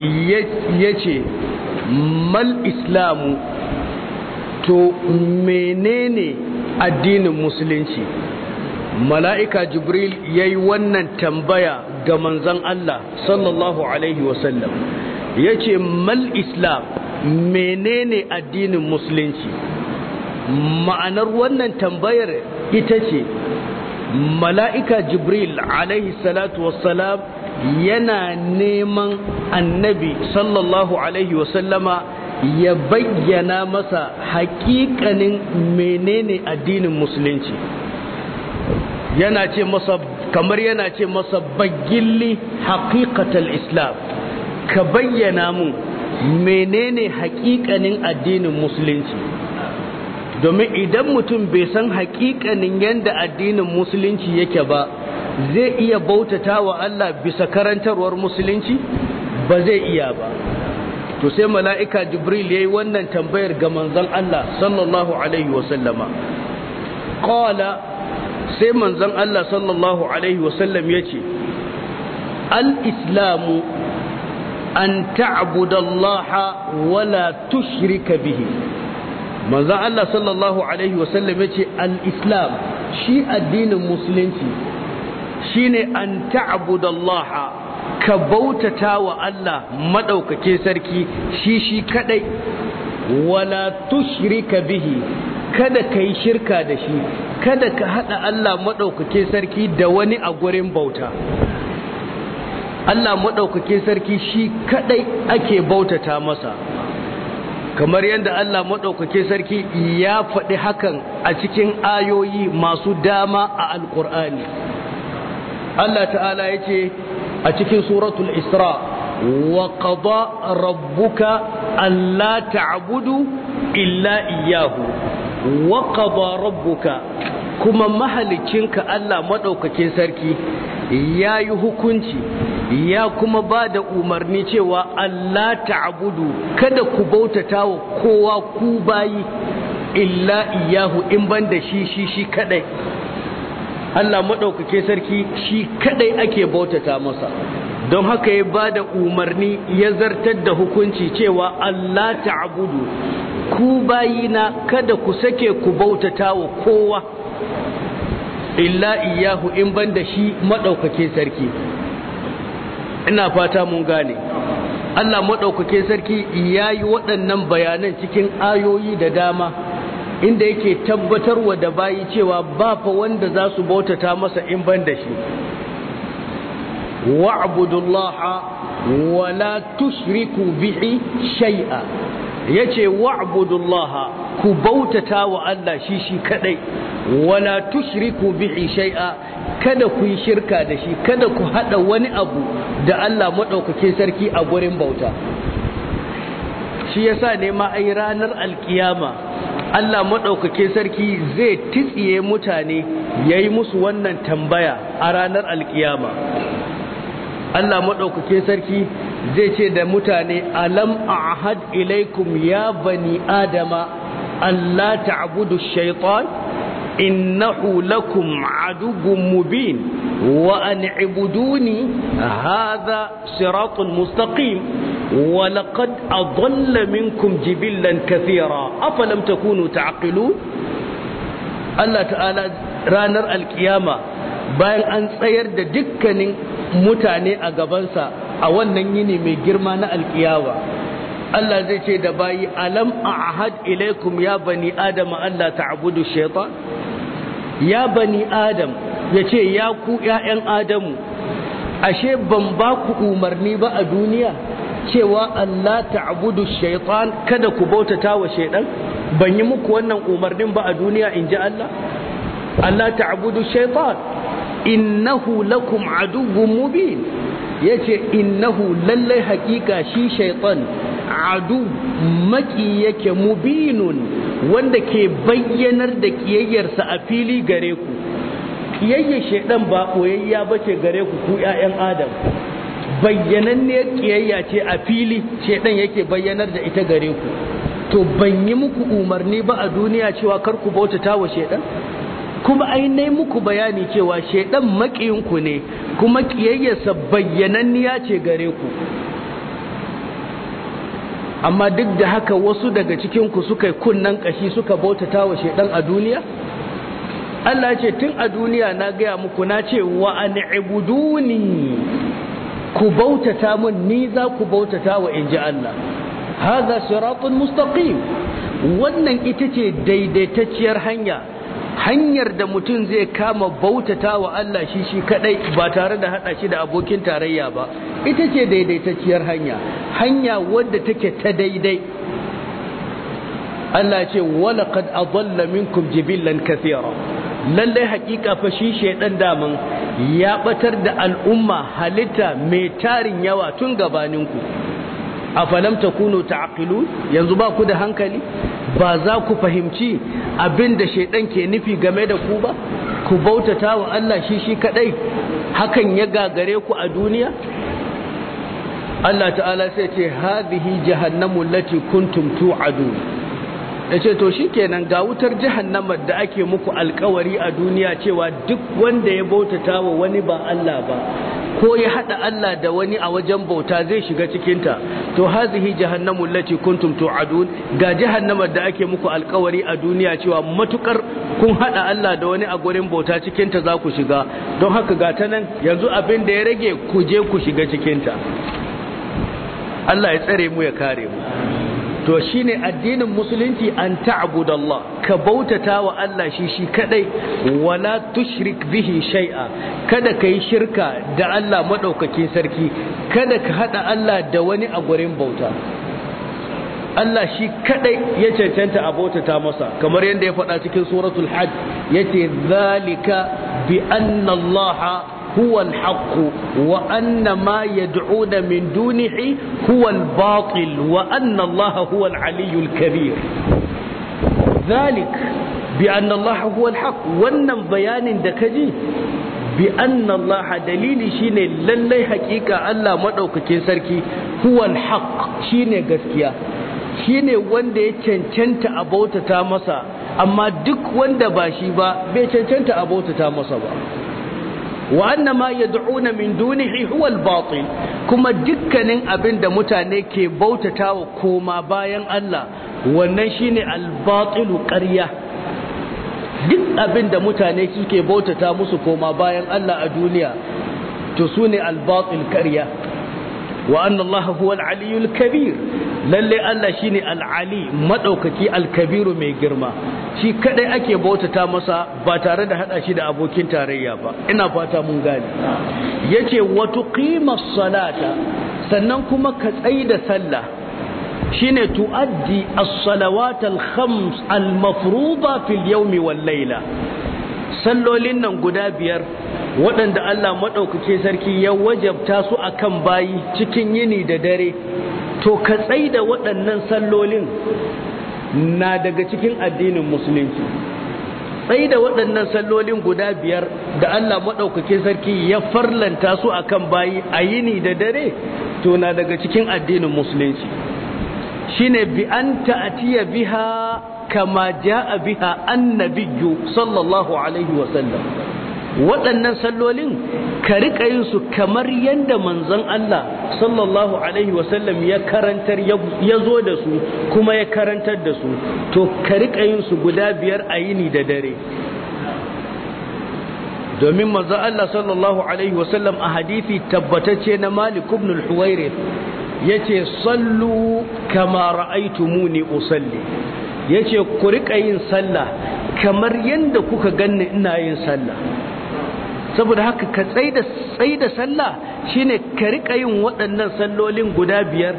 Yace ce mal islamu to menene addinin musulunci mala'ika jibril ya yi wannan tambaya ga manzan Allah sallallahu alaihi wasallam ya ce mal islam menene addinin musulunci ma'anar wannan tambayar ita ce mala'ika jibril alaihi salatu wasalam yana neman annabi sallallahu alaihi wasallama ya bayyana masa hakikanin menene addinin musulunci yana ce masa kamar yana ce masa bagilli haƙiƙatar islam ka bayyana mun menene haƙiƙanin addinin musulunci domin idan mutum bai san hakikanin yadda addinin musulunci yake ba zai iya bautata wa Allah bisa karantarwar musulunci ba zai iya ba to sai mala'ika jibril ya yi wannan tambayar ga manzan Allah sallallahu alaihi wasallama ƙwala sai manzan Allah sallallahu alaihi wasallam ya ce al'islamu an ta'abudallaha wala tushrika bihi Manzan Allah sallallahu alaihi wasallam ya ce al'islam shi addinin musulunci shine an ta'budallaha ka bautata wa Allah madaukake sarki shi shi kadai wala tushrika bihi kada ka yi shirka da shi kada ka haɗa Allah madaukake sarki da wani a gurin bauta Allah madaukake sarki shi kadai ake bautata masa kamar yadda Allah maɗaukake sarki ya faɗi hakan a cikin ayoyi masu dama a alƙur'ani Allah ta'ala ya ce a cikin suratul isra wa qada rabbuka alla ta'budu illa iyyahu wa qada rabbuka kuma mahalicinka Allah madaukakin sarki ya yi hukunci ya kuma ba da umarni cewa Allah ta'budu kada ku bautata wa kowa ku bayi illa iyyahu, in ban da shi shi shi kadai Allah maɗaukake sarki shi kaɗai ake bautata masa don haka ya ba da umarni ya zartar da hukunci cewa Allah ta'budu ku bayina kada ku sake ku bautata wa kowa illa iyahu in ban da shi maɗaukake sarki ina fata mun gane Allah maɗaukake sarki ya yi waɗannan bayanan cikin ayoyi da dama inda yake tabbatarwa da bayi cewa ba fa wanda za su bautata masa in ban da shi wa'budullaha wa la tushriku bihi shay'a yace wa'budullaha ku bautata wa Allah shi shi kadai wa la tushriku bihi shay'a kada ku yi shirka da shi kada ku hada wani abu da Allah madaukakin sarki a gurin bauta shi yasa ne ma ai ranar alkiyama Allah maɗaukake sarki zai titsiye mutane ya yi musu wannan tambaya a ranar alkiyama Allah maɗaukake sarki zai ce da mutane alam ahad ilaikum ya bani adama Allah taabudu shaitan innahu lakum aduwwun mubin wa an ibuduni hadha siratun mustaqim wa laqad adalla minkum jibillan kathira afalam takunu ta'qilun Allah ta'ala ranar alkiyama bayan an tsayar da dukkanin mutane a gabansa a wannan yini mai girma na alkiyawa Allah zai ce da bayi alam a ahad ilaikum ya bani adama Allah ta ta'budu shaitan ya bani adam ya ce ya ku ‘ya'yan adamu ashe ban ba ku umarni ba a duniya cewa Allah ta'budu shaitan kada ku bautata wa shaidan ban yi muku wannan umarnin ba a duniya in ji Allah Allah ta'budu shaitan innahu lakum aduwwun mubin yace innahu lallai hakika shi shaitan adu maki yake mubinun wanda ke bayyanar da kiyayyarsa a fili gare ku kiyayyar shaidan ba koyayya bace gare ku ku ƴaƴan adam bayyananniyar kiyayya ce a fili shaidan yake bayyanar da ita gare ku to ban yi muku umarni ba a duniya cewa kar ku bauta tawa shaidan kuma ai nai muku bayani cewa shaidan makiyinku ne kuma kiyayyarsa bayyananniya ce gare ku amma duk da haka wasu daga cikinku suka yi kunnen kashi suka bautata wa shaidan a duniya Allah ce tun a duniya na gaya muku na ce wa an ibuduni ku bautata mun ni za ku bautata wa in ji Allah haga siratun mustaqim wannan ita ce daidaitacciyar hanya hanyar da mutum zai kama bautata wa Allah shi shi kadai ba tare da hada shi da abokin tarayya ba ita ce daidaitacciyar hanya hanya wadda take ta daidai Allah ce walaqad adalla minkum jibillan kathira lalle hakika fa shi shedan daman ya batar da al'umma halitta mai tarin yawa tun gabaninku afalam takunu ta'qilun yanzu ba ku da hankali ba za ku fahimci abin da shaidan ke nufi game da ku ba ku bautata wa Allah shi shi kadai hakan ya gagare ku a duniya Allah ta'ala sai ce hadhihi jahannamu lati kuntum tu'adun ya ce to shi kenan ga wutar jahannamar da ake muku alkawari a duniya cewa duk wanda ya bautata wa wani ba Allah ba ko ya hada Allah da wani a wajen bauta zai shiga cikinta to hazihi jahannamu lati kuntum tu'adun ga jahannamar da ake muku alkawari a duniya cewa matukar kun hada Allah da wani a gurin bauta cikinta za ku shiga don haka ga ta nan yanzu abin da ya rage ku je ku shiga cikinta Allah ya tsare mu ya kare mu to shine addinin musulunci an ta'budallah ka bautata wa Allah shi shi kadai wala tushrik bihi shay'a kada ka yi shirka da Allah madaukakin sarki kada ka hada Allah da wani a gurin bauta Allah shi kadai ya cancanta a bautata masa kamar yadda ya faɗa cikin suratul hajj yace zalika bi anna Allah huwa al-haqq wa anna ma yad'una min dunihi huwa al-batil wa anna Allah huwa al-aliyyu wannan bayanin da kaji bi anna Allah dalili shine lallai hakika Allah madaukakin sarki huwa al-haq shine gaskiya shine wanda ya cancanta a bautata masa amma duk wanda ba shi ba bai cancanta a bautata masa ba wa anna ma yad'una min dunihi huwa al-batil kuma dikkanin abinda mutane ke bautatawa koma bayan Allah wannan shine al-batilu ƙarya duk abin da mutane suke bautata musu koma bayan Allah a duniya to sune al-batil ƙarya wa anna Allah huwa al kabir lalle Allah shine alali ali alKabiru mai girma shi kaɗai ake bautata masa ba tare da hada shi da abokin tarayya ba ina fata mun gane yace watu tuqimas salata sannan kuma ka tsaida sallah shine tuaddi as-salawat al-khams al-mafruḍa fil layla sallolin nan guda biyar waɗanda Allah maɗaukake sarki ya wajabta su akan bayi cikin yini da dare to ka tsai da waɗannan sallolin na daga cikin addinin musulunci tsai da waɗannan sallolin guda biyar da Allah maɗaukake sarki ya farlanta su a kan bayi a yini da dare to na daga cikin addinin musulunci shi ne bi an ta'atiya biha kama ja'a biha annabiyu sallallahu alaihi sallam. waɗannan sallolin ka riƙa yin su kamar yadda manzon Allah sallallahu alaihi wasallam ya karantar ya zo da su kuma ya karantar da su to ka riƙa yin su guda biyar a yini da dare domin manzon Allah sallallahu alaihi wasallam a hadithi tabbatacce na Malik ibn al-Huwairith yace sallu kama ra'aytumuni usalli yace ku riƙa yin sallah kamar yadda kuka ganni ina yin sallah saboda haka ka tsai da sallah shine ka rika yin waɗannan sallolin guda biyar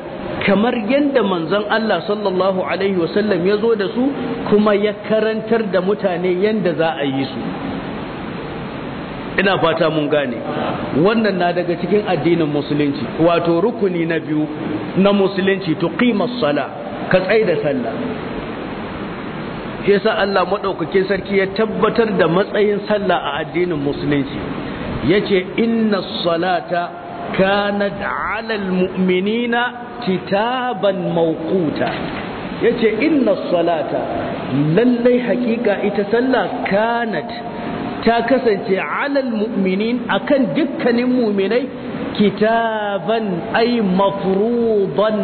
kamar yadda manzon Allah sallallahu alaihi wasallam ya zo da su kuma ya karantar da mutane yadda za a yi su ina fata mun gane wannan na daga cikin addinin musulunci wato rukuni na biyu na musulunci tuqimus sala ka tsai da sallah shi yasa Allah maɗaukakin sarki ya tabbatar da matsayin sallah a addinin musulunci yace inna salata kanat alal mu'minina kitaban mawquta yace inna salata lallai hakika ita sallah kanat ta kasance alal mu'minin akan dukkanin mu'minai kitaban ay mafruḍan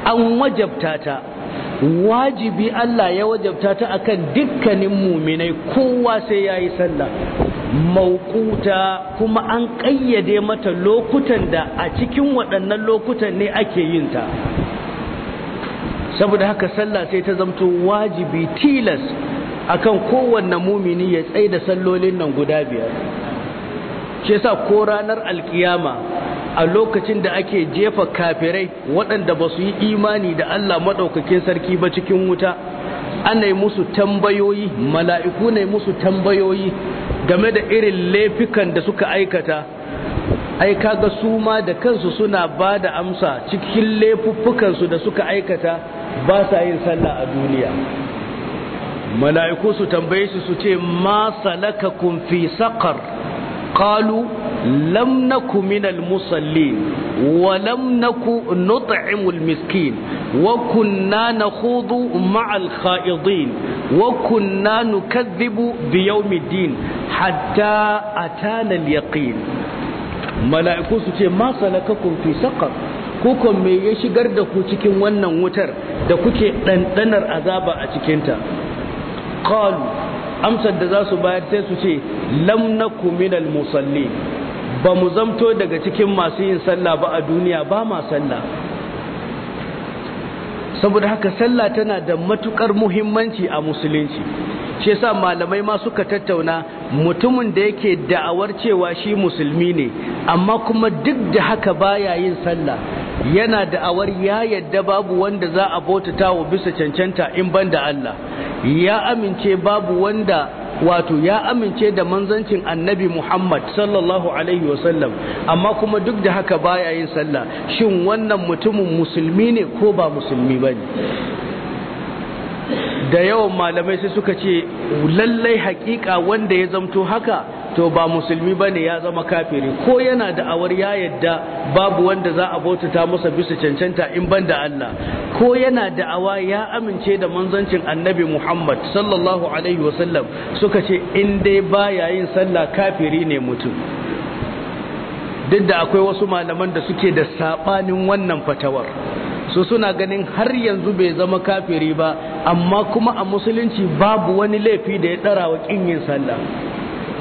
an wajabtata. wajibi Allah ya wajabta ta akan dukkanin muminai kowa sai ya yi sallah mauƙuta kuma an ƙayyade mata lokutan da a cikin waɗannan lokutan ne ake yin ta saboda haka sallah sai ta zamto wajibi tilas akan kowanne mumini ya tsaye da sallolin nan guda biyar shi yasa ko ranar alkiyama a lokacin da ake jefa kafirai waɗanda ba su yi imani da Allah maɗaukakin sarki ba cikin wuta ana yi musu tambayoyi mala'iku ne musu tambayoyi game da irin laifikan da suka aikata ai ga su ma da kansu suna ba da amsa cikin laifuffukansu da suka aikata ba sa yin sallah a duniya mala'iku su tambaye su su ce ma salaka kun fi saƙar ƙalu lam naku minal musallin wa lam naku nut'imul miskin wa kunna nakhudu ma'al kha'idin wa kunna nukadhibu bi yawmiddin hatta atana al yaqin mala'iku su ce ma salakakum fi saqar kukan me ya shigar da ku cikin wannan wutar da kuke ɗanɗanar azaba a cikinta qalu amsar da za su bayar ta su ce lam naku minal musallin ba mu zamto daga cikin masu yin sallah ba a duniya ba ma sallah saboda haka sallah tana da matukar muhimmanci a musulunci shi yasa malamai ma suka tattauna mutumin da yake da'awar cewa shi musulmi ne amma kuma duk da haka baya yin sallah yana da'awar ya yadda babu wanda za a bautata wa bisa cancanta in ban da Allah ya amince babu wanda wato ya amince da manzancin annabi Muhammad sallallahu alaihi wasallam amma kuma duk da haka baya yin sallah shin wannan mutumin musulmi ne ko ba musulmi ba ne. da yawan malamai sai suka ce lallai haƙiƙa wanda ya zamto haka to ba musulmi bane ya zama kafiri ko yana da'awar ya yadda babu wanda za a bautata masa bisa cancanta in ban da Allah ko yana da'awa ya amince da manzancin annabi Muhammad sallallahu alaihi wasallam suka ce in dai ba yin sallah kafiri ne mutum duk da akwai wasu malaman da suke da sabanin wannan fatawar su suna ganin har yanzu bai zama kafiri ba amma kuma a musulunci babu wani laifi da ya dara wa ƙin yin sallah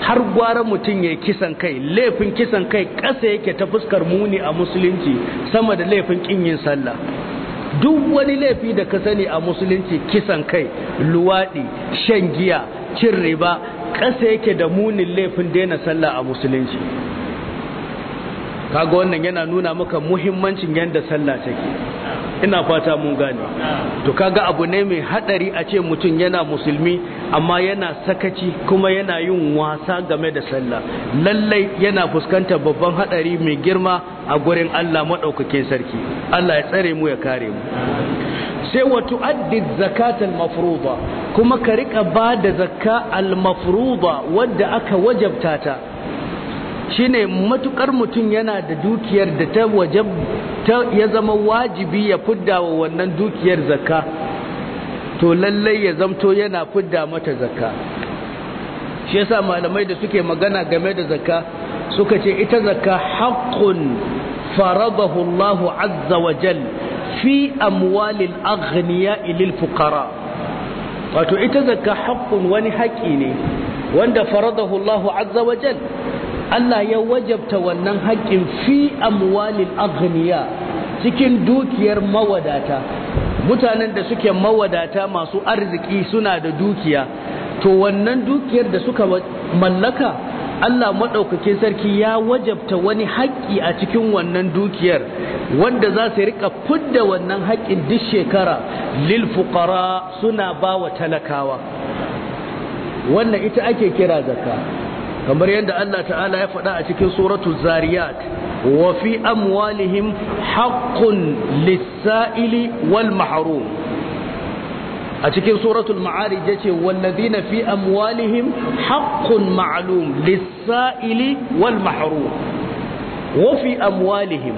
har gwara mutum ya kisan kai laifin kisan kai ƙasa yake ta fuskar muni a musulunci sama da laifin ƙinyin sallah duk wani laifi da ka sani a musulunci kisan kai luwaɗi shan giya cin riba ƙasa yake da munin laifin daina sallah a musulunci kaga wannan yana nuna maka muhimmancin yadda sallah take ina fata mun gane to kaga abu ne mai hadari a ce mutum yana musulmi amma yana sakaci kuma yana yin wasa game da sallah lallai yana fuskantar babban hadari mai girma a gurin Allah madaukakin sarki Allah ya tsare mu ya kare mu sai wa tu'addi zakata al-mafruḍa kuma ka rika ba da zakka al-mafruḍa wadda aka wajabta ta shine matukar mutum yana da dukiyar da ta wajab ya zama wajibi ya fidda wa wannan dukiyar zakka to lallai ya zamto yana fidda mata zakka shi yasa malamai da suke magana game da zakka suka ce ita zakka haqqun faradahu Allahu azza wa jal fi amwalil aghniya lil fuqara wato ita zakka haqqun wani haƙƙi ne wanda faradahu Allahu azza wa jal Allah ya wajabta wannan haƙƙin fi amwalil aghniya cikin dukiyar mawadata mutanen da suke mawadata masu arziki suna da dukiya to wannan dukiyar da suka mallaka Allah maɗaukakin sarki ya wajabta wani haƙƙi a cikin wannan dukiyar wanda za su riƙa fudda wannan haƙƙin duk shekara lil fuqara suna ba wa talakawa wannan ita ake kira zakka kamar yadda Allah ta'ala ya faɗa a cikin suratul zariyat wa fi amwalihim haqqun lis-sa'ili wal mahrum a cikin suratul ma'arij yace wallazina fi amwalihim haqqun ma'lum lis-sa'ili wal mahrum wafi amwalihim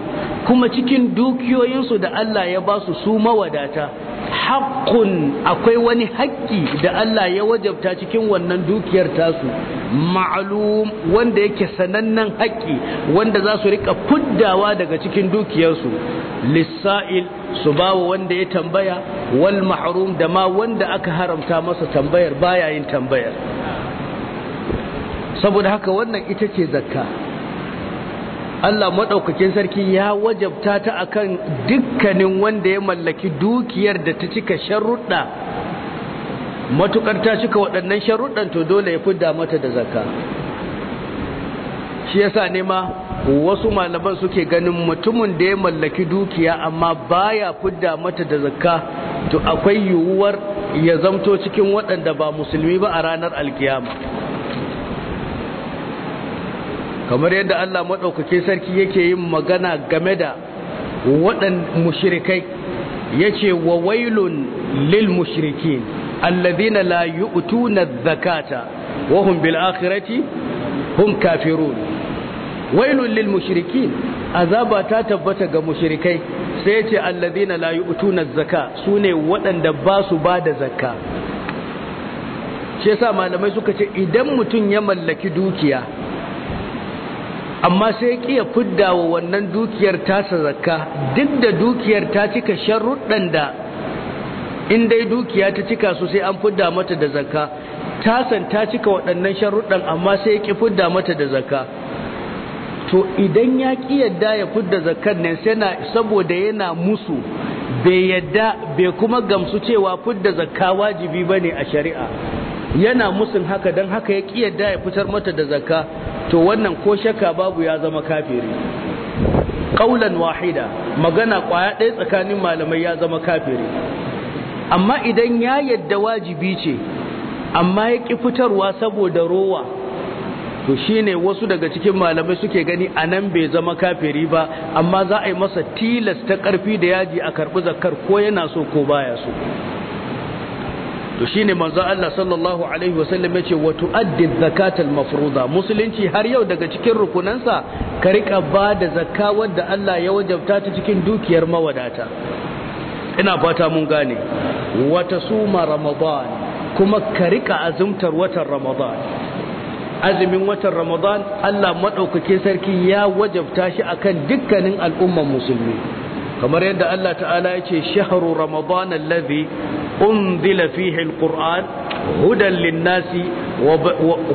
kuma cikin dukiyoyinsu da Allah ya ba su su mawadata haƙƙun akwai wani haƙƙi da Allah ya wajabta cikin wannan dukiyar tasu ma'alum wanda yake sanannen haƙƙi wanda za su riƙa fuddawa daga cikin dukiyarsu lissa'il su bawa wanda ya tambaya wal mahrum da ma wanda aka haramta masa tambayar bayayin tambayar saboda haka wannan ita ce zakka Allah maɗaukakin sarki ya wajabta ta akan dukkanin wanda ya mallaki dukiyar da ta cika sharuɗa matukar ta cika waɗannan sharuɗan to dole ya fidda mata da zakka shi yasa ne ma wasu malaman suke ganin mutumin da ya mallaki dukiya amma baya fidda mata da zakka to akwai yiwuwar ya zamto cikin waɗanda ba musulmi ba a ranar alkiyama kamar yadda Allah maɗaukake sarki yake yin magana game da mushirikai mushrikai yace wa wailun lil mushrikin alladhina la yu'tuna zakata wa hum bil akhirati hum kafirun wailun lil mushrikin azaba ta tabbata ga mushrikai sai yace alladhina la yu'tuna zakka sune waɗanda ba su ba da zakka shi yasa malamai suka ce idan mutum ya mallaki dukiya amma sai kiya fidda wa wannan dukiyar tasa zakka duk da dukiyar ta cika sharruɗan da in dai dukiya ta cika su sai an fidda mata da zakka tasan ta cika waɗannan sharuɗan amma sai ki fidda mata da zakka to idan ya ki yadda ya fidda zakkar ne sai na saboda yana musu bai yadda bai kuma gamsu cewa fidda zakka wajibi bane a shari'a yana musun haka don haka ya kiyarda ya fitar mata da zakka to wannan ko shakka babu ya zama kafiri ƙaulan wahida magana ƙwaya ɗaya tsakanin malamai ya zama kafiri amma idan ya yadda wajibi ce amma ya ƙi fitarwa saboda rowa to shi ne wasu daga cikin malamai suke gani a nan bai zama kafiri ba amma za a yi masa tilas ta ƙarfi da yaji a karɓi zakkar ko yana so ko baya so to shine manzo Allah sallallahu alaihi wasallam yace wa tuaddi zakatal mafruḍa musulunci har yau daga cikin rukunansa ka rika ba da zakka wanda Allah ya wajabta ta cikin dukiyar mawadata ina fata mun gane wata suma ramadan kuma ka rika azumtar watan ramadan azumin watan ramadan Allah madaukake sarki ya wajabta shi akan dukkanin al'umman musulmi kamar yadda Allah ta'ala yake shahru ramadan allazi unzila fihi alquran hudan linnasi wa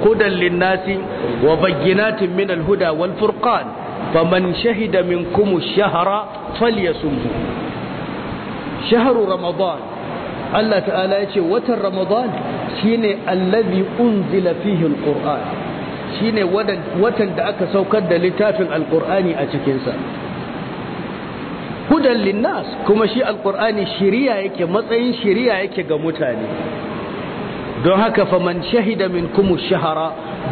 hudan linnasi wa bayyinatin min alhuda wal furqan faman shahida minkum ash-shahra falyasum shahru ramadan Allah ta'ala yake ce watan ramadan shine allazi unzila fihi alquran shine watan da aka saukar da littafin alqurani a cikin sa hudan linnas kuma shi alqur'ani shiriya yake matsayin shiriya yake ga mutane don haka fa faman shahida minkum shahara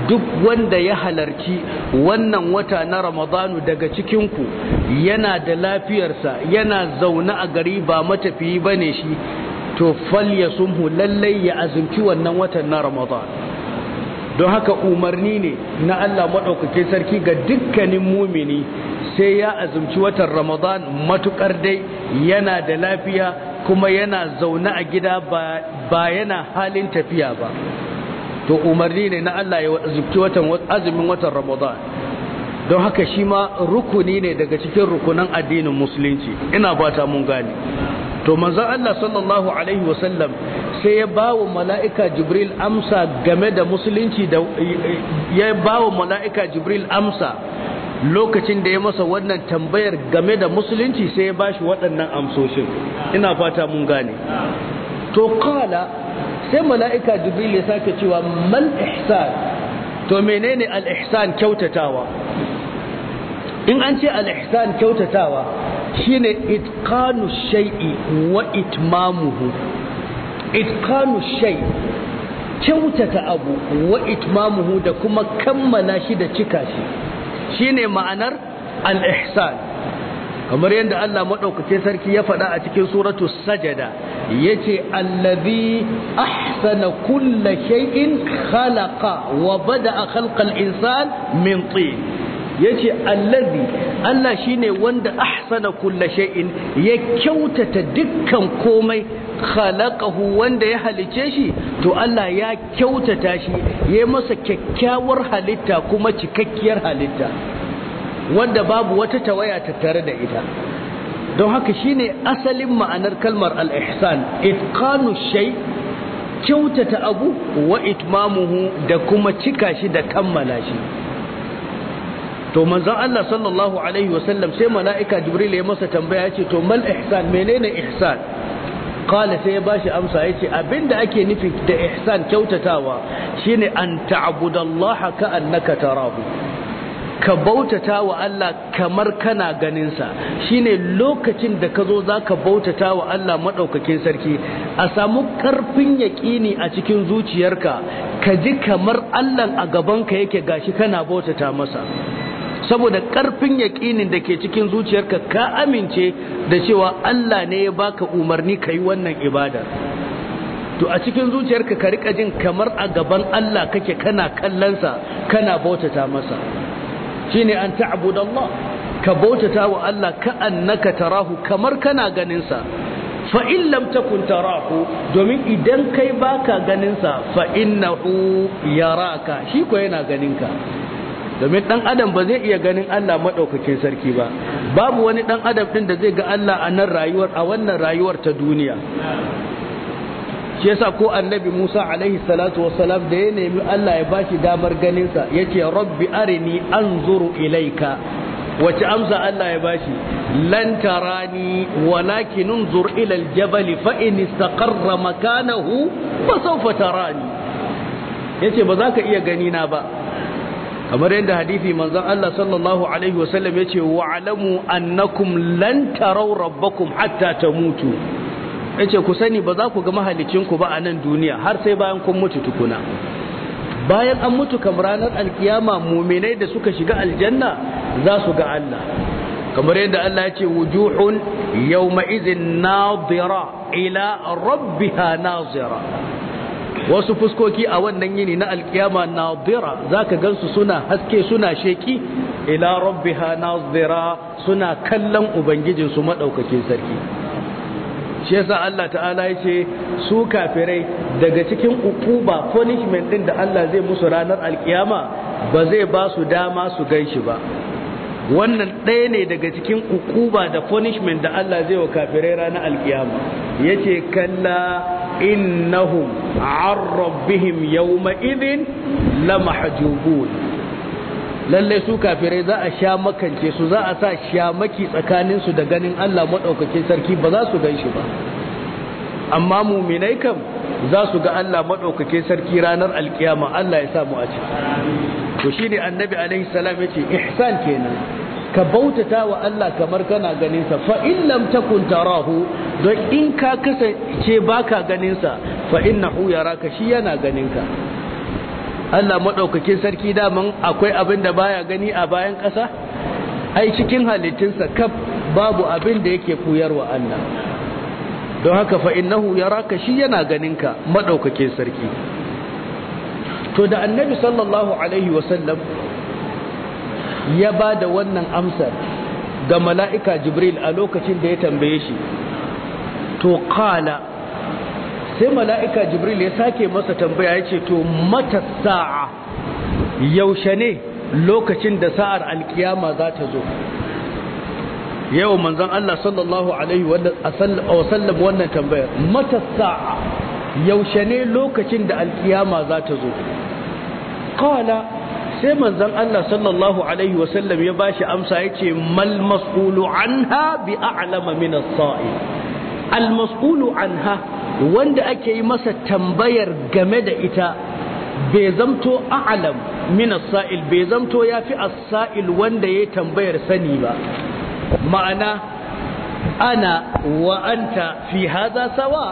duk wanda ya halarci wannan wata na ramadanu daga cikinku yana da lafiyarsa yana zaune a gari ba matafiyi bane shi to falyasumhu lallai ya azumci wannan watan na ramadan don haka umarni ne na Allah maɗaukake sarki ga dukkanin mumini sai ya azumci watan ramadan matukar dai yana da lafiya kuma yana zaune a gida ba yana halin tafiya ba to umarni ne na Allah ya azumci watan azumin watan ramadan don haka shi ma rukuni ne daga cikin rukunan addinin musulunci ina bata mun gane to manzon Allah sallallahu alaihi wasallam sai ya bawo mala'ika jibril amsa game da musulunci da ya bawo mala'ika jibril amsa lokacin da ya masa wannan tambayar game da musulunci sai ya bashi waɗannan amsoshin ina fata mun gane to kala sai mala'ika jibril ya sake cewa mal ihsan to menene al ihsan kyautatawa in an ce al ihsan kyautatawa shine itqanu shai’i wa itmamuhu itqanu shai kyautata abu wa itmamuhu da kuma kammala shi da cika shi shine ma'anar al-ihsan kamar yadda Allah maɗaukacin sarki ya faɗa a cikin suratu sajada yace ce allazi ahsana kulla shay'in khalaqa wa bada'a khalqal insan min tin yace allazi Allah shine wanda ahsana kulla shay'in ya kyautata dukkan komai khalaqahu wanda ya halice shi to Allah ya kyautata shi ya masa kyakkyawar halitta kuma cikakkiyar halitta wanda babu wata tawaya tare da ita don haka shine asalin ma'anar kalmar al-ihsan itqanu shay kyautata abu wa itmamuhu da kuma cika shi da kammala shi to manzon Allah sallallahu alaihi wasallam sai mala'ika Jibril ya masa tambaya yace to mal ihsan menene ihsan kala sai ya bashi amsa ya yace da ake nufi da ihsan kyautatawa shine an ka ka'annaka tarahu ka bautata wa Allah kamar kana ganinsa shine lokacin da ka zo za ka bautata wa Allah maɗaukakin sarki a samu ƙarfin yaƙini a cikin zuciyarka ka ji kamar Allah a gabanka yake gashi kana bautata masa saboda karfin yaƙinin da ke cikin zuciyarka ka amince da cewa Allah ne ya baka umarni ka yi wannan ibadar to a cikin zuciyarka ka rika jin kamar a gaban Allah kake kana kallansa kana bautata masa shine an Allah ka bautata wa Allah ka annaka tarahu kamar kana ganinsa fa in lam takun tarahu domin idan kai baka ganinsa fa innahu yaraka shi ko yana ganinka domin dan adam ba zai iya ganin Allah madaukakin sarki ba babu wani dan adam ɗin da zai ga Allah a nan rayuwar a wannan rayuwar ta duniya shi yasa ko annabi Musa alaihi salatu wassalam da ya nemi Allah ya bashi damar ganinsa sa yace rabbi arini anzuru ilaika wace amsa Allah ya bashi lan tarani walakin unzur ila aljabal fa in istaqarra makanahu fa sawfa tarani yace ba za ka iya gani na ba kamar yadda hadithi manzon Allah sallallahu alaihi wasallam yace alamu annakum lan taraw rabbakum hatta tamutu yace ku sani ba za ku ga ku ba a nan duniya har sai bayan kun mutu tukuna bayan an mutu kam ranar alkiyama muminai da suka shiga aljanna za su ga Allah kamar yadda Allah ya ce wujuhun yawma idhin nadira ila rabbiha nazira wasu fuskoki a wannan yini na alkiyama nazira zaka gansu suna haske suna sheki ila rabbiha nazira suna kallon ubangijin su madaukakin sarki shi yasa Allah ta'ala yace su kafirai daga cikin ukuba punishment din da Allah zai musu ranar alkiyama ba zai ba su dama su ganshi ba wannan ɗaya ne daga cikin ukuba da punishment da Allah zai wa kafirai ranar alkiyama yace kalla innahum an rabbihim yawma idhin lamahjubun lalle su kafirai za a sha makance su za a sa shamaki tsakanin su da ganin Allah madaukakin sarki ba za su ganshi ba amma muminai kam za su ga Allah madaukakin sarki ranar alkiyama Allah ya mu a ciki to shine annabi alaihi salam yace ihsan kenan ka bautata wa Allah kamar kana ganin sa fa in lam takun tarahu don in ka kasance baka ganin sa fa innahu yaraka shi yana ganin ka Allah madaukakin sarki daman akwai abin da baya gani a bayan ƙasa ai cikin halittinsa kaf babu abin da yake koyarwa Allah don haka fa innahu yaraka shi yana ganin ka madaukakin sarki to da annabi sallallahu alaihi wasallam ya ba da wannan amsar ga mala'ika jibril a lokacin da ya tambaye shi to kala sai mala'ika jibril ya sake masa tambaya ya ce to mata sa'a yaushe ne lokacin da sa'ar alkiyama za ta zo yau manzan Allah sallallahu Alaihi wasallam wannan tambayar mata sa'a yaushe ne lokacin da alkiyama za ta zo kala sai manzon Allah sallallahu alaihi wasallam ya ba shi amsa yace mal mas'ulu anha bi a'lama min as al mas'ulu anha wanda ake yi masa tambayar game da ita bai zamto a'lam min as-sa'il bai zamto yafi as-sa'il wanda yayi tambayar sani ba ma'ana ana wa anta fi hadha sawa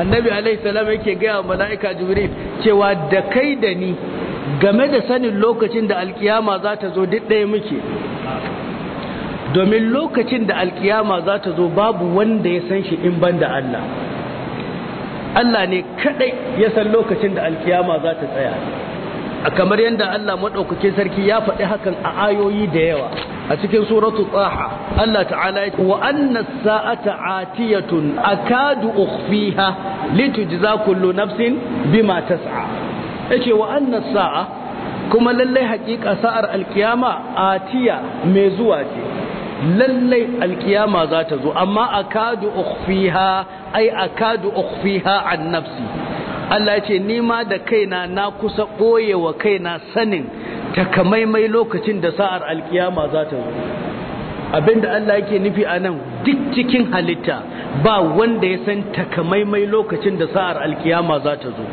annabi alaihi salam yake ga mala'ika jibril cewa da kai da ni game da sanin lokacin da alkiyama za ta zo duk ɗaya muke domin lokacin da alkiyama za ta zo babu wanda ya san shi in ban da Allah Allah ne kaɗai ya san lokacin da alkiyama za ta tsaya a kamar yadda Allah maɗaukakin sarki ya faɗi hakan a ayoyi da yawa a cikin suratu tsaha Allah ta'ala ya ce wa anna sa'ata atiyatun akadu ukhfiha litujza kullu nafsin bima tas'a yace wa annas sa'a kuma lallai haƙiƙa sa'ar alkiyama atiya mai zuwa ce lallai alkiyama za ta zo amma akadu ukhfiha ai akadu ukhfiha an nafsi Allah ya ce ni ma da kaina na kusa ɓoye wa kaina sanin takamaimai lokacin da sa'ar alkiyama za ta zo abinda Allah yake nufi a nan duk cikin halitta ba wanda ya san takamaimai lokacin da sa'ar alkiyama za ta zo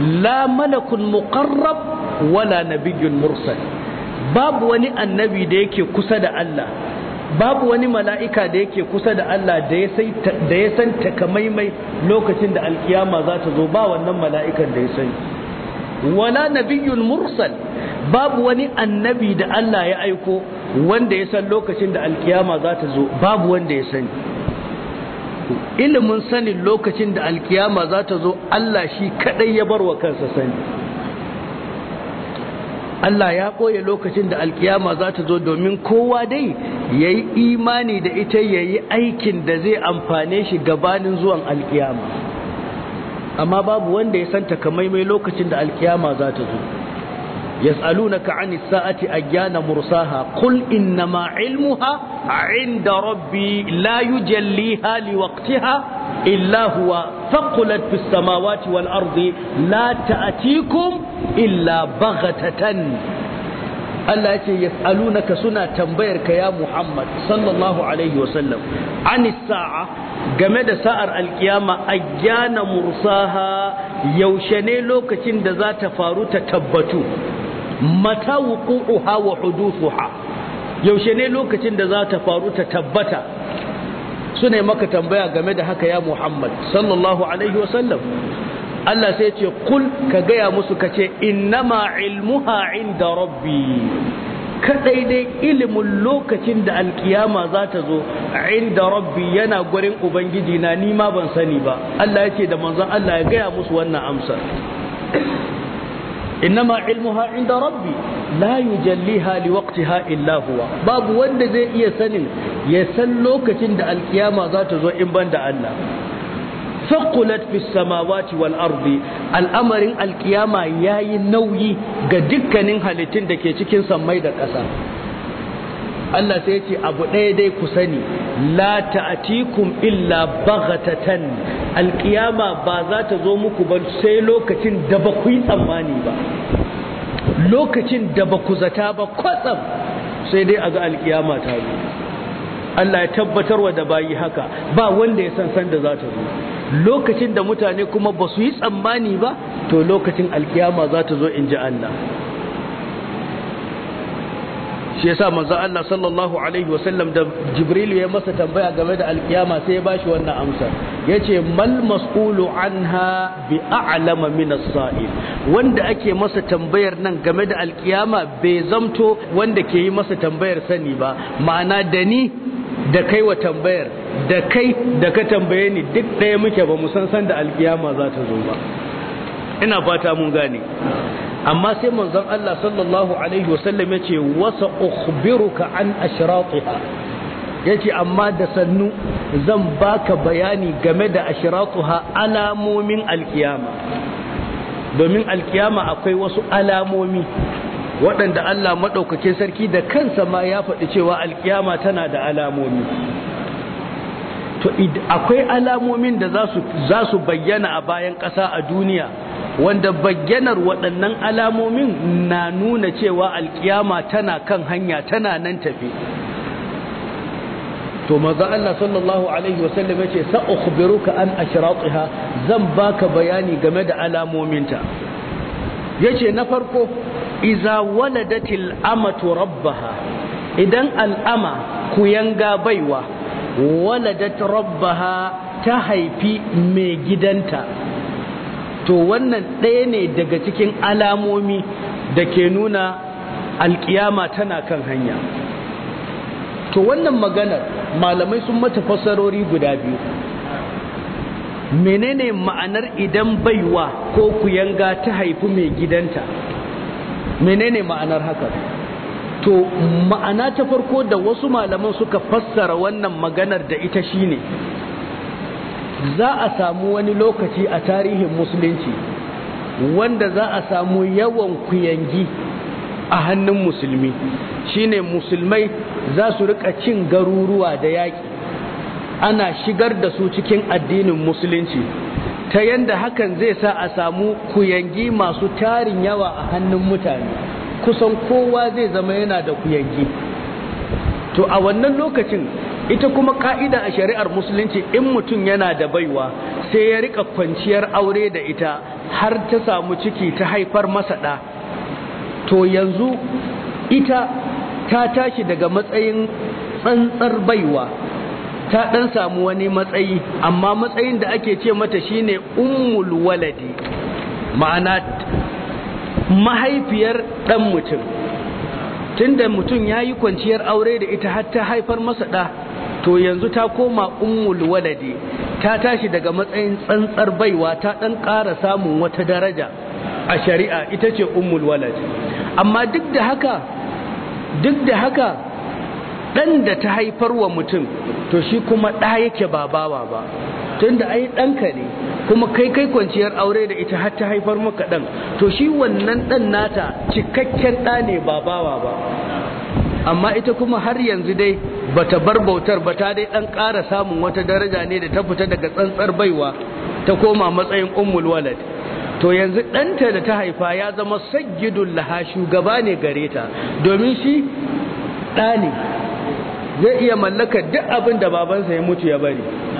la malakun muqarrab wala nabiyyun mursal babu wani annabi da yake kusa da Allah babu wani mala'ika da yake kusa da Allah da ya san takamaimai lokacin da alkiyama za ta zo ba wannan mala'ikan da ya sani wala nabiyyun mursal babu wani annabi da Allah ya aiko wanda ya san lokacin da alkiyama za ta zo babu wanda ya sani ilimin sanin lokacin da alkiyama za ta zo Allah shi kaɗai ya bar wa kansa sani Allah ya ɓoye lokacin da alkiyama za ta zo domin kowa dai ya yi imani da ita ya yi aikin da zai amfane shi gabanin zuwan alkiyama amma babu wanda ya santa kamaimai lokacin da alkiyama za ta zo يسألونك عن الساعة أيان مرساها قل إنما علمها عند ربي لا يجليها لوقتها إلا هو فقلت في السماوات والأرض لا تأتيكم إلا بغتة التي يسألونك سنة تنبيرك يا محمد صلى الله عليه وسلم عن الساعة جمد سائر القيامة أجان مرساها يوشني لوك تشند فاروت تبتو mata wuqu'uha wa hudusuha yaushe ne lokacin da za ta faru ta tabbata su ne maka tambaya game da haka ya Muhammad sallallahu alaihi wasallam Allah sai ce kul ka gaya musu ka ce innama ilmuha inda rabbi kadai dai ilimin lokacin da alkiyama za ta zo inda rabbi yana gurin ubangiji na nima ban sani ba Allah ya ce da manzon Allah ya gaya musu wannan amsar innama ilmuha inda rabbi la yujalliha liwaqtiha illa huwa babu wanda zai iya sanin ya san lokacin da alkiyama zata zo in banda Allah saqulat fis samawati wal ardi al'amarin alkiyama yayi nauyi ga dukkanin halittun da ke cikin sammai da ƙasa Allah sai yace abu ɗaya dai ku sani la ta'atikum illa baghatatan alqiyama ba za ta zo muku ba sai lokacin da ba ku yi tsammani ba lokacin da ba ku zata ba kwatsam sai dai a ga alqiyama ta zo Allah ya tabbatar wa da bayi haka ba wanda ya san san da za ta zo lokacin da mutane kuma ba su yi tsammani ba to lokacin alkiyama za ta zo in ji Allah shi yasa manzo Allah sallallahu alaihi wa sallam da Jibril ya masa tambaya game da alkiyama sai ya bashi wannan amsa yace mal mas'ulu anha bi a'lama min as-sa'il wanda ake masa tambayar nan game da alkiyama bai zamto wanda ke yi masa tambayar sani ba ma'ana da ni da kai wa tambayar da kai da ka tambaye ni duk ɗaya muke ba mu san san da alkiyama za ta zo ba ina fata mun gane amma sai manzon Allah sallallahu alaihi wasallam ya ce wasa ukhbiruka an ashratiha yace amma da sannu zan baka bayani game da ashratuha alamomin alkiyama domin alkiyama akwai wasu alamomi waɗanda Allah maɗaukakin sarki da kansa ma ya faɗi cewa alkiyama tana da alamomi to akwai alamomin da za su bayyana a bayan ƙasa a duniya wanda bayyanar waɗannan alamomin na nuna cewa alkiyama tana kan hanya tana nan tafi to maza Allah sallallahu alaihi wasallam ya ce sa'ukhbiruka an ashratiha zan baka bayani game da alamominta yace na farko iza waladatil amatu rabbaha idan al'ama ku yanga baiwa waladat rabbaha ta haifi mai gidanta to wannan ɗaya ne daga cikin alamomi da ke nuna alkiyama tana kan hanya to wannan maganar malamai sun mata fassarori guda biyu menene ma'anar idan baiwa ko kuyanga ta haifi mai gidanta menene ma'anar haka to ma'ana ta farko da wasu malaman suka fassara wannan maganar da ita shine za a samu wani lokaci a tarihin musulunci wanda za a samu yawan kuyangi a hannun musulmi shine musulmai za su rika cin garuruwa da yaƙi ana shigar da su cikin addinin musulunci ta yanda hakan zai sa a samu kuyangi masu tarin yawa a hannun mutane kusan kowa zai zama yana da kuyayyi to a wannan lokacin ita kuma ka'ida a shari'ar musulunci in mutum yana da baiwa sai ya rika kwanciyar aure da ita har ta samu ciki ta haifar masa ɗa to yanzu ita ta tashi daga matsayin tsantsar baiwa ta ɗan samu wani matsayi amma matsayin da ake ce mata shine ummul waladi ma'ana mahaifiyar ɗan mutum tunda mutum ya yi kwanciyar aure da ita har ta haifar masa ɗa to yanzu ta koma ummul waladi ta tashi daga matsayin tsantsar baiwa ta ɗan ƙara samun wata daraja a shari'a ita ce ummul waladi amma duk da haka duk da haka ɗan da ta haifar wa mutum to shi kuma ɗa yake babawa ba tunda ai ɗanka ne kuma kai kai kwanciyar aure da ita har ta haifar maka ɗan to shi wannan ɗan nata cikakken ɗa ne ba bawa ba amma ita kuma har yanzu dai ba ta bar bautar ba ta dai ɗan ƙara samun wata daraja ne da ta fita daga tsantsar baiwa ta koma matsayin ummul walad to yanzu ɗanta da ta haifa ya zama saggidun laha shugaba ne gare ta domin shi ɗa ne zai iya mallaka duk abin da babansa ya mutu ya bari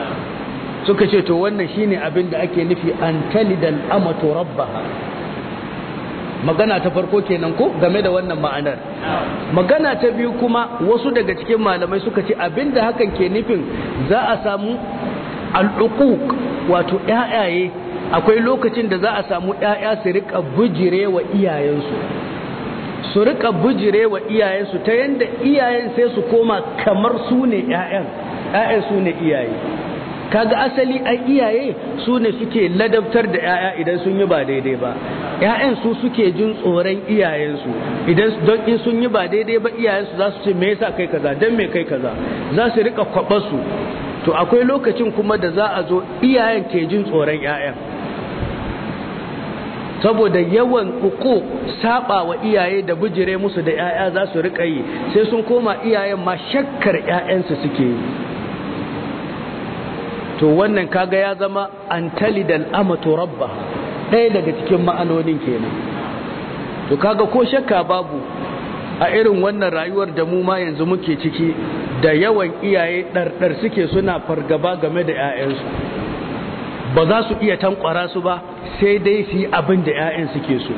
suka ce to wannan shine abin da ake nufi an talidal amatu rabbaha magana ta farko kenan ko game da wannan ma'anar magana ta biyu kuma wasu daga cikin malamai suka ce abin da hakan ke nufin za a samu al'uquq wato ƴaƴaye akwai lokacin da za a samu ƴaƴa su rika bujire wa iyayensu su rika bujire iyayensu ta yanda iyayen sai su koma kamar su ne ƴaƴan ƴaƴan su ne iyaye kaga asali an iyaye su ne suke ladabtar da 'ya'ya idan sun yi ba daidai ba 'ya'yan su suke jin tsoron iyayensu idan don in sun yi ba daidai ba iyayensu za su ce me yasa kai kaza dan me kai kaza za su rika su to akwai lokacin kuma da za a zo iyayen ke jin tsoron 'ya'yan saboda yawan uku saba wa iyaye da bijire musu da 'ya'ya za su rika yi sai sun koma iyayen ma shakkar 'ya'yansu suke yi to wannan kaga ya zama an talidal amatu rabba ɗaya daga cikin ma'anonin kenan to kaga ko shakka babu a irin wannan rayuwar da mu ma yanzu muke ciki da yawan iyaye ɗarɗar suke suna fargaba game da 'ya'yansu ba za su iya tankwara su ba sai dai su yi abin da 'ya'yan suke so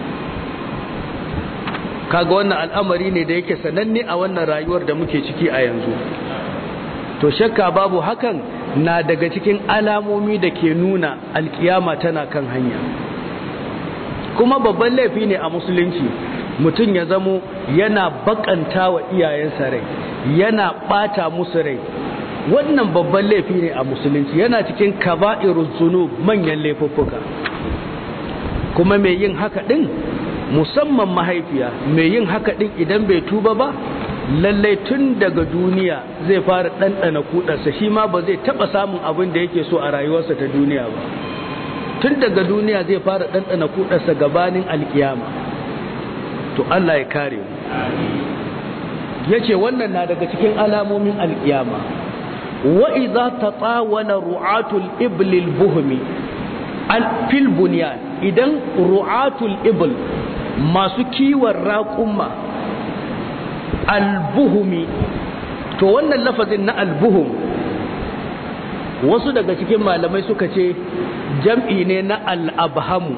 kaga wannan al'amari ne da yake sananne a wannan rayuwar da muke ciki a yanzu to shakka babu hakan na daga cikin alamomi da ke nuna alkiyama tana kan hanya kuma babban laifi ne a musulunci mutum ya zamo yana bakanta wa iyayensa rai yana bata musu rai wannan babban laifi ne a musulunci yana cikin kaba'irun zunub manyan laifuffuka kuma mai yin haka din musamman mahaifiya mai yin haka din idan bai tuba ba lallai tun daga duniya zai fara ɗanɗana kuɗarsa, shi ma ba zai taɓa samun abin da yake so a rayuwarsa ta duniya ba tun daga duniya zai fara ɗanɗana kuɗarsa gabanin alkiyama to Allah ya kare mu ya ce wannan na daga cikin alamomin alkiyama wa ta tsawana ru'atul iblil buhumi al fil bunyan idan ru'atul ibl masu kiwon raƙumma albuhumi to wannan lafazin na albuhum wasu daga cikin malamai suka ce jam'i ne na al'abhamu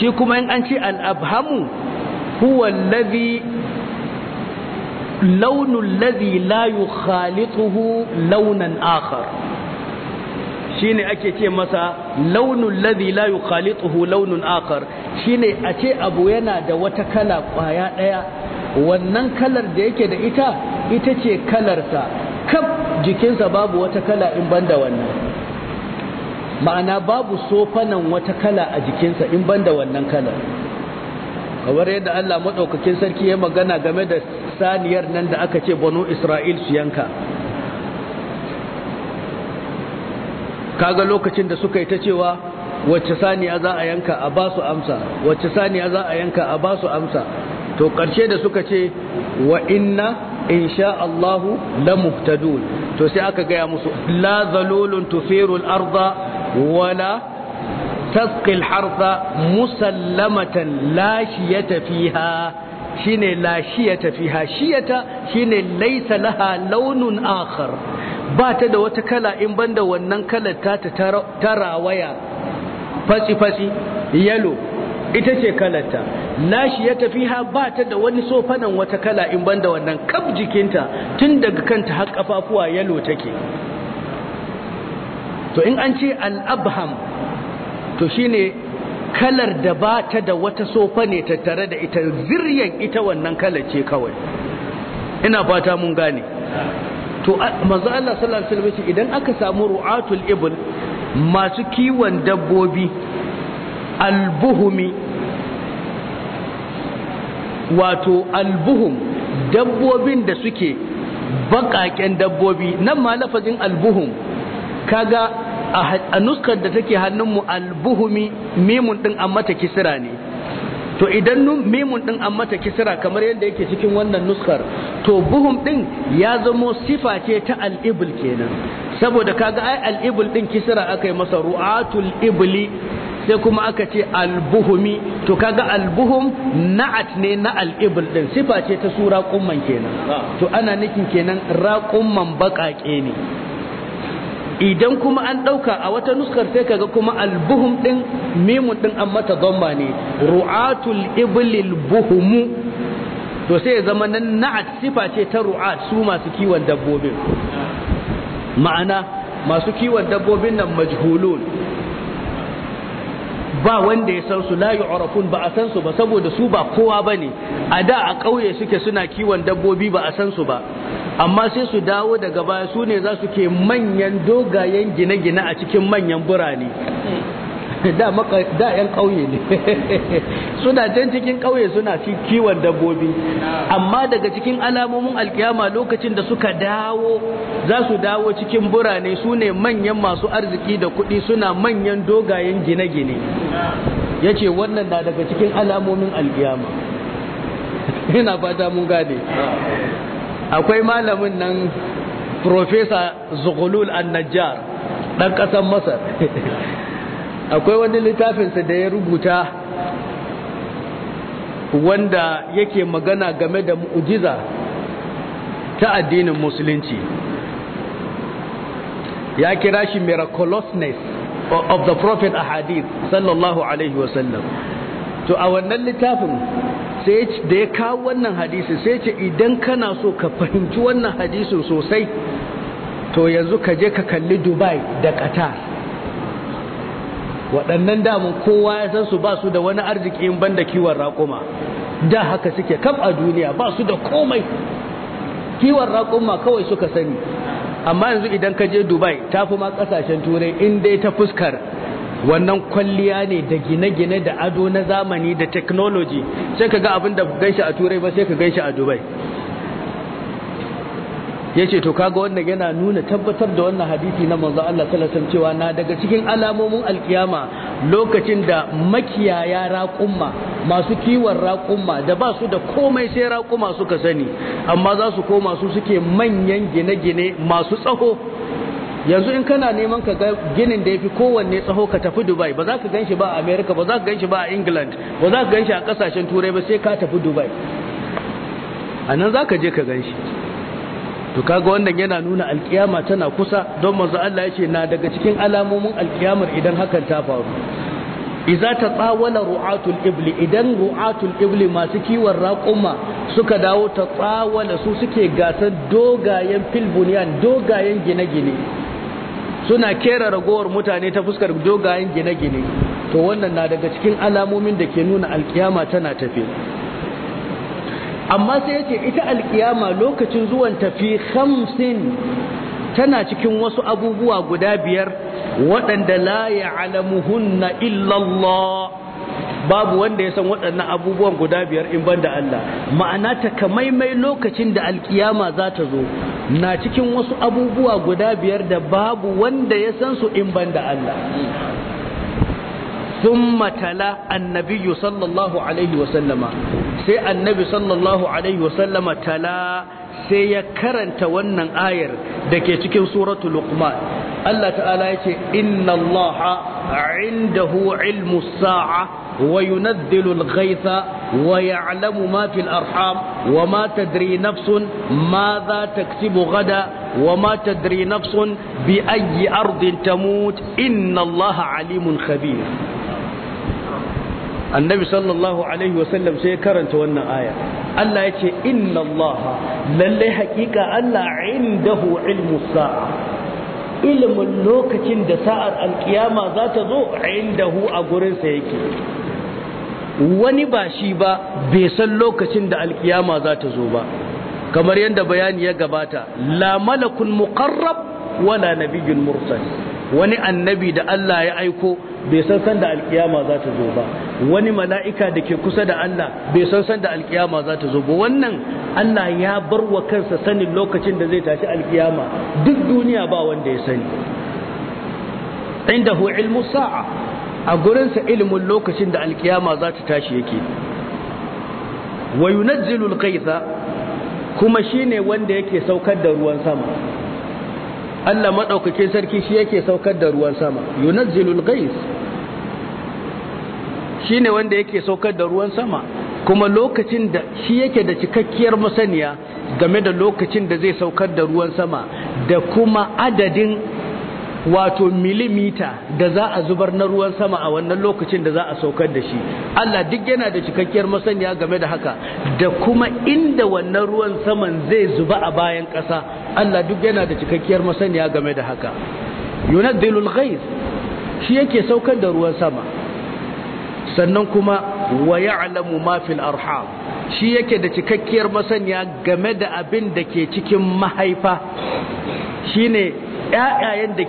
shi kuma in an ce al'abhamu huwa lazi launin lazi layu khalituhu launan akhar shi ne ake ce masa launin lazi layu khalituhu launin akhar shi ne a ce abu yana da wata kala kwaya ɗaya wannan kalar da yake da ita ita ce kalarsa kaf jikinsa babu wata kala in banda wannan ma'ana babu sofanan wata kala a jikinsa in banda wannan kalar kamar yadda Allah maɗaukakin sarki ya magana game da saniyar nan da aka ce banu isra'il su yanka kaga lokacin da suka yi ta cewa wacce saniya za a yanka a ba su amsa wacce saniya za a yanka a ba su amsa to ƙarshe da suka ce wa inna insha Allahu la muhtadun to sai aka gaya musu la zalulun tufiru al-arda wala tasqi al-harsa musallamatan la shiyata fiha shine la shiyata fiha shiyata shine laysa laha launun akhar ba ta da wata kala in banda wannan kalar ta ta tarawaya faci yalo ita ce kalarta Nashi ya tafi ha ba ta da wani sofanan wata kala in banda wannan kaf jikinta tun daga kanta har kafafuwa yalo take to in an ce al-abham to shine kalar da ba ta da wata sofa ne tattare da ita ziryan ita wannan kala ce kawai ina fata mun gane to manzo Allah sallallahu alaihi wasallam idan aka samu ru'atul ibl masu kiwon dabbobi albuhumi wato albuhum dabbobin da suke baƙaƙen dabbobi nan ma lafazin albuhum kaga a nuskar da take mu albuhumi mimun din an mata kisira ne to idan mimun din an mata kisira kamar yadda yake cikin wannan nuskar to buhum din ya zamo sifa ce ta al'ibul kenan saboda kaga ai al'ibul din kisira aka yi masa ru'atul ibli sai kuma aka ce albuhumi to kaga albuhum na'at ne na al'ibul din sifa ce ta su raƙumman kenan ah. to ana nufin kenan raƙumman baƙaƙe ne idan kuma an ɗauka a wata nuskar sai kaga kuma albuhum din mimun din an mata gomba ne ru'atul iblil buhumu to sai ya zama nan na'at sifa ce ta ru'at su masu kiwon dabbobin ah. ma'ana masu kiwon dabbobin nan majhulun ba wanda ya san su la yu'rafun ba a san su ba saboda su ba kowa bane a da a ƙauye suke suna kiwon dabbobi ba a san su ba amma sai su dawo daga baya su ne za su ke manyan dogayen gine-gine a cikin manyan birane da yan ƙauye ne suna can cikin ƙauye suna kiwon dabbobi amma daga cikin alamomin alkiyama lokacin da suka dawo za su dawo cikin burane su ne manyan masu arziki da kuɗi suna manyan dogayen gine-gine ya ce wannan na daga cikin alamomin alkiyama yana fata mun gane akwai malamin nan profesa zuhulul najjar ɗan ƙasar masar akwai wani littafinsa da ya rubuta wanda yake magana game da mu'ujiza ta addinin musulunci ya kira shi miraculousness of the prophet ahadith sallallahu alaihi wasallam to a wannan littafin sai da ya kawo wannan hadisi sai ce idan kana so ka fahimci wannan hadisin sosai to yanzu ka je ka kalli dubai da qatar waɗannan damun kowa ya san su ba su da wani arziki in banda kiwon raƙuma da haka suke kaf a duniya ba su da komai kiwon raƙuma kawai suka sani amma yanzu idan ka je dubai ta fi ma ƙasashen turai in dai ta fuskar wannan kwalliya ne da gine-gine da ado na zamani da technology sai ka ga abin da gaishe a turai ba sai ka gaishe a dubai ya ce to kaga wannan yana nuna tabbatar da wannan hadisi na manzo Allah sallallahu cewa na daga cikin alamomin alkiyama lokacin da makiyaya raƙumma masu kiwon raƙumma da ba su da komai sai raƙuma suka sani amma za su koma su suke manyan gine-gine masu tsaho yanzu in kana neman ka ga ginin da yafi kowanne tsaho ka tafi Dubai ba za ka ganshi ba a America ba za ka ganshi ba a England ba za ka ganshi a kasashen Turai ba sai ka tafi Dubai a nan za ka je ka ganshi to kaga wannan yana nuna alkiyama tana kusa don manzo Allah yace na daga cikin alamomin alkiyamar idan hakan ta faru iza ta tsawala ru'atul ibli idan ru'atul ibli masu kiwon raƙuma suka dawo ta tsawala su suke gasar dogayen filbuniyan dogayen gine-gine suna kera ragowar mutane ta fuskar dogayen gine-gine to wannan na daga cikin alamomin da ke nuna alkiyama tana tafe amma sai yace ita alkiyama lokacin zuwan tafi hamsin tana cikin wasu abubuwa guda biyar waɗanda la ya'lamuhunna illa illallah babu wanda ya san waɗannan abubuwan guda biyar in banda Allah ma'ana takamaimai lokacin da alkiyama za ta zo na cikin wasu abubuwa guda biyar da babu wanda ya san su in banda Allah Sun matala Annabiyu sallallahu alaihi عليه وسلم sai annabi sallallahu alaihi wasallama tala sai ya karanta wannan ayar dake cikin suratul luqman Allah ta'ala yace inna allaha indahu ilmu sa'a wa yunzilu al-ghaytha wa ya'lamu ma fil arham wa ma tadri nafsun ma za taktibu gada wa ma tadri nafsun bi ayyi ardin tamut inna allaha alimun khabir annabi sallallahu alaihi wasallam sai ya karanta wannan aya Allah ya ce inna Allah lalle haƙiƙa Allah indahu ilmu sa'a ilimin lokacin da sa'ar alkiyama za ta zo indahu a gurinsa yake wani ba shi ba bai san lokacin da alkiyama za ta zo ba kamar yadda bayani ya gabata la malakun muqarrab wala nabiyyun mursal wani annabi da Allah ya aiko bai san san da alkiyama za ta zo ba wani mala'ika da ke kusa da Allah bai san san da alkiyama za ta zo ba wannan Allah ya bar wa kansa sanin lokacin da zai tashi alkiyama duk duniya ba wanda ya sani indahu ilmu sa'a a gurinsa ilimin lokacin da alkiyama za ta tashi yake wa yunazzilu kuma shine wanda yake saukar da ruwan sama Allah maɗaukakin sarki shi yake saukar da ruwan sama yunazzilul shi shine wanda yake saukar da ruwan sama kuma lokacin da shi yake da cikakkiyar masaniya game da lokacin da zai saukar da ruwan sama da kuma adadin wato milimita da za a zubar na ruwan sama a wannan lokacin da za a saukar da shi Allah duk yana da cikakkiyar masaniya game da haka da kuma inda wannan ruwan saman zai zuba a bayan ƙasa Allah duk yana da cikakkiyar masaniya game da haka yunadilul ghaiz shi yake saukar da ruwan sama sannan kuma wa ya'lamu ma fil arham shi yake da cikakkiyar masaniya game da abin da ke cikin mahaifa shine ƴaƴayen da